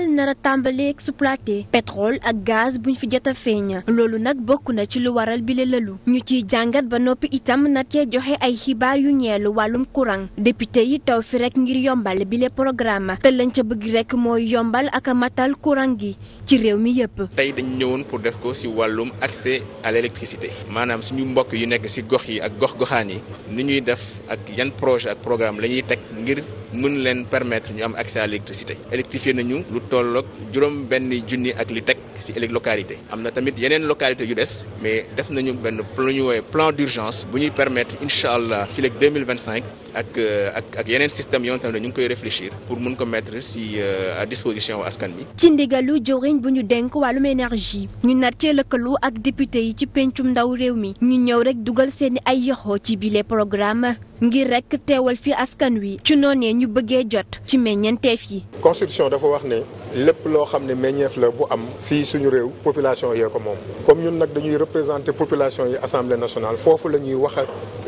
Sénégal nar a tàmbalee exploité pétrole ak gaz buñ fi jot a feeñ loolu nag bokk na ci lu waral bile lëlu ñu ciy jàngat ba noppi itam na cee joxe ay xibaar yu ñeel wàllum courant député yi taw fi rek ngir yombal bile programme te lañ ca bëgg rek mooy yombal ak matal courant gi ci réew mi yëpp. tey dañu ñëwoon pour def ko si wàllum accès à l'électricité maanaam suñu mbokk yu nekk si gox yi ak gox goxaan yi ni ñuy def ak yan projet ak programme la ñuy teg ngir. mën leen permettre ñu am accès à l'électricité électrifié nañu lu tolloog juróom benn junni ak li teg si localité am na tamit yeneen localité yu des mais def nañu benn lu ñu woowee plan d'urgence bu ñuy permettre incha allah fii ak 2025 ak euh, ak ak yeneen système yoo xam ne ñu ngi koy réfléchir pour mun ko mettre si euh, à disposition askan bi ci ndigalu jëwriñ bu ñu dénk wàllum énergie ñu nar cee lëkkaloo ak député yi ci pencum ndaw réew mi ñu ñëw rek dugal seen ay yoxoo ci bile programme ngir rek teewal fi askan wi ci noonee ñu bëggee jot ci meññeenteef yi constitution dafa wax ne lépp loo xam ne meññeef la bu am suñu réew population yee ko moom comme ñun nag dañuy représenter population yi assemblée nationale foofu la ñuy wax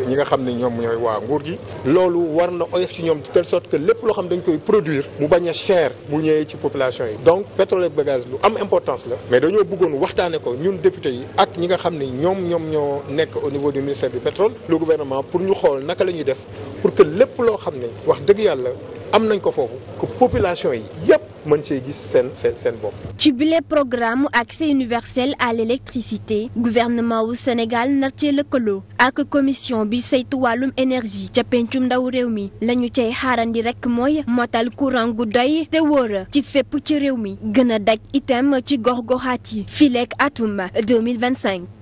ñi nga xam ne ñoom ñooy waa nguur gi loolu war na oyof ci ñoom de telle que lépp loo xam dañ koy produire mu bañ a cher bu ñëwee ci population yi donc pétrole ak lu am importance la mais dañoo bëggoon waxtaane ko ñun député yi ak ñi nga xam ne ñoom ñoom ñoo nekk au niveau du ministère du pétrole le gouvernement pour ñu xool naka la ñuy def pour que lépp loo xam ne wax dëgg yàlla am nañ ko foofu que population yi yépp mën cee gis seen seen seen bopp. ci bile programme accès universel à l' électricité wu Sénégal nar cee lëkkaloo ak commission bi saytu wàllum énergie ca pencum ndaw réew mi lañu ñu cay xaarandi rek mooy motal courant gu doy te wóor ci fépp ci réew mi gën a daj itam ci gox goxaat yi fileek atum 2025.